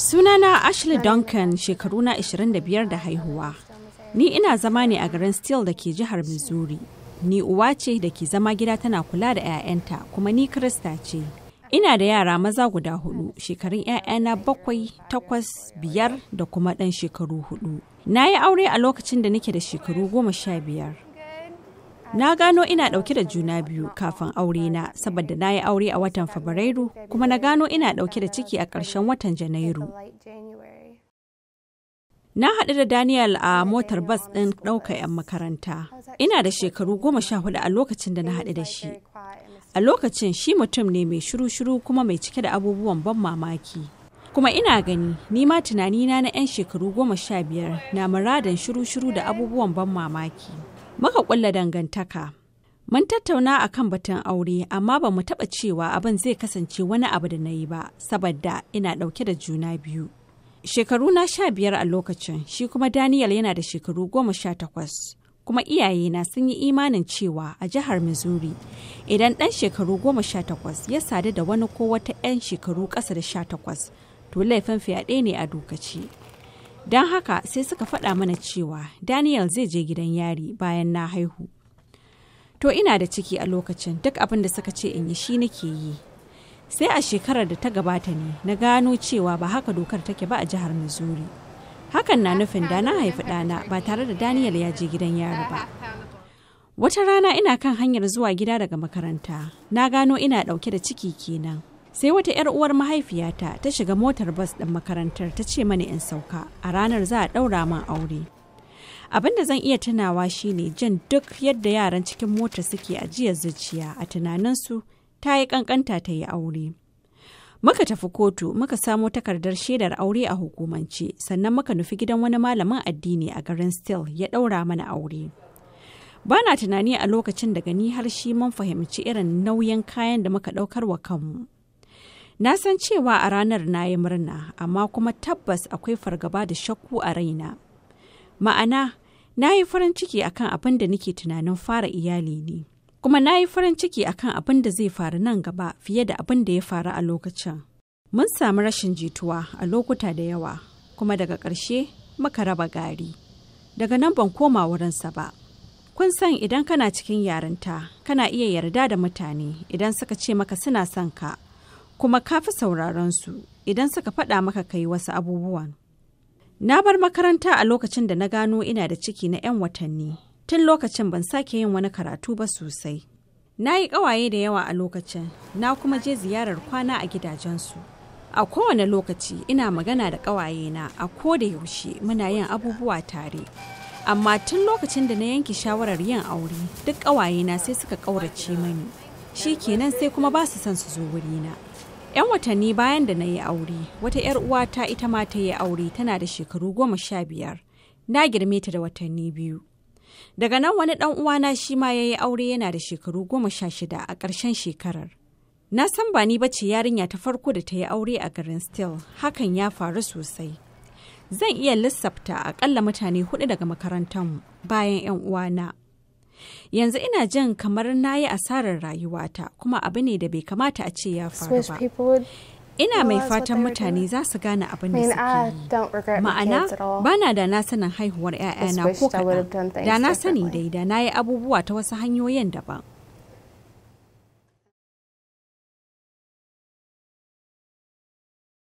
Sunana Ashley Duncan shekaruna 25 da haihuwa. Ni ina zama ne a garin Steele da ke jihar Missouri. Ni uwa ce da ke zama gida tana kula da 'ya'yanta kuma ni Krista ce. Ina da yara maza guda hudu, shekarun 'ya'yana bakwai, takwas, biyar da kuma ɗan shekaru hudu. Na yi aure a lokacin da nake da shekaru goma sha biyar. Na gano ina ɗauke da juna biyu kafin aure na saboda na yi aure a watan Fabrairu kuma na gano ina ɗauke da ciki a ƙarshen watan Janairu. Na haɗu da Daniel a motar bas ɗin ɗauka 'yan makaranta. Ina da shekaru goma sha hudu a lokacin da na haɗu da shi. A lokacin shi mutum ne mai shiru-shiru kuma mai cike da abubuwan ban mamaki. Kuma ina gani, ni ma tunanina na 'yan shekaru goma sha biyar na muradin shiru-shiru da abubuwan ban mamaki. maka ƙulla dangantaka. Mun tattauna a kan batun aure amma ba mu taɓa cewa abin zai kasance wani abu da na yi ba, saboda ina ɗauke da juna biyu. Shekaru na sha biyar a lokacin, shi kuma Daniel yana da shekaru goma sha takwas. Kuma iyayena sun yi imanin cewa a jihar Missouri, idan ɗan shekaru goma sha takwas ya sadu da wani ko wata 'yan shekaru ƙasa da sha takwas, to laifin fyaɗe ne a dokaci. don haka sai suka faɗa mana cewa daniel zai je gidan yari bayan na haihu to ina da ciki a lokacin duk abin da suka ce in yi shi nake yi sai a shekarar da ta gabata ne na gano cewa ba haka dokar take ba a jihar missouri hakan na nufin da na haifi ɗana ba tare da daniel ya je gidan yari ba wata rana ina kan hanyar zuwa gida daga makaranta na gano ina ɗauke da ciki kenan sai wata 'yar uwar mahaifiyata ta shiga motar bas ɗin makarantar ta ce mani in sauka a ranar za a ɗaura min aure abin da zan iya tunawa shine jin duk yadda yaran cikin motar suke ajiyar zuciya a tunaninsu ta yi kankanta ta yi aure muka tafi kotu muka samo takardar shaidar aure a hukumance sannan muka nufi gidan wani malamin addini a garin still ya ɗaura mana aure ba na tunani a lokacin daga ni har shi mun fahimci irin nauyin kayan da muka ɗaukar wa kanmu Na san cewa a ranar na yi murna, amma kuma tabbas akwai fargaba da shakku a raina. Ma'ana, na yi farin ciki akan abin da nake tunanin fara iyali ne, kuma na yi farin ciki akan abin da zai faru nan gaba fiye da abin da ya faru a lokacin. Mun samu rashin jituwa a lokuta da yawa, kuma daga ƙarshe muka raba gari. Daga nan ban koma wurinsa ba. Kun san idan kana cikin yarinta, kana iya yarda da mutane idan suka ce maka suna son ka. kuma ka fi sauraron su idan suka faɗa maka kai wasu abubuwan. Na bar makaranta a lokacin da na gano ina da ciki na 'yan watanni, tun lokacin ban sake yin wani karatu ba sosai. Na yi ƙawaye da yawa a lokacin, na kuma je ziyarar kwana a gidajensu. A kowane lokaci ina magana da ƙawayena a ko da yaushe muna yin abubuwa tare. Amma tun lokacin da na yanke shawarar yin aure, duk ƙawayena sai suka ƙaurace mani. Shi kenan sai kuma ba su son su zo wurina. 'Yan watanni bayan da na yi aure, wata 'yar uwata ita ma ta yi aure tana da shekaru goma sha biyar. Na girme ta da watanni biyu. Daga nan wani ɗan uwana shi ma ya yi aure yana da shekaru goma sha shida a ƙarshen shekarar. Na san ba ni bace yarinya ta farko da ta yi aure a garin Still, hakan ya faru sosai. Zan iya lissafta akalla mutane hudu daga makarantar bayan 'yan uwana. yanzu ina jin kamar na yi asarar rayuwata kuma abu ne da bai kamata a ce ya faru ba ina mai fatan mutane za su gane abin da suke yi ma'ana na da na sanin haihuwar 'ya'yana ko kaɗan da na sani dai da na yi abubuwa ta wasu hanyoyin daban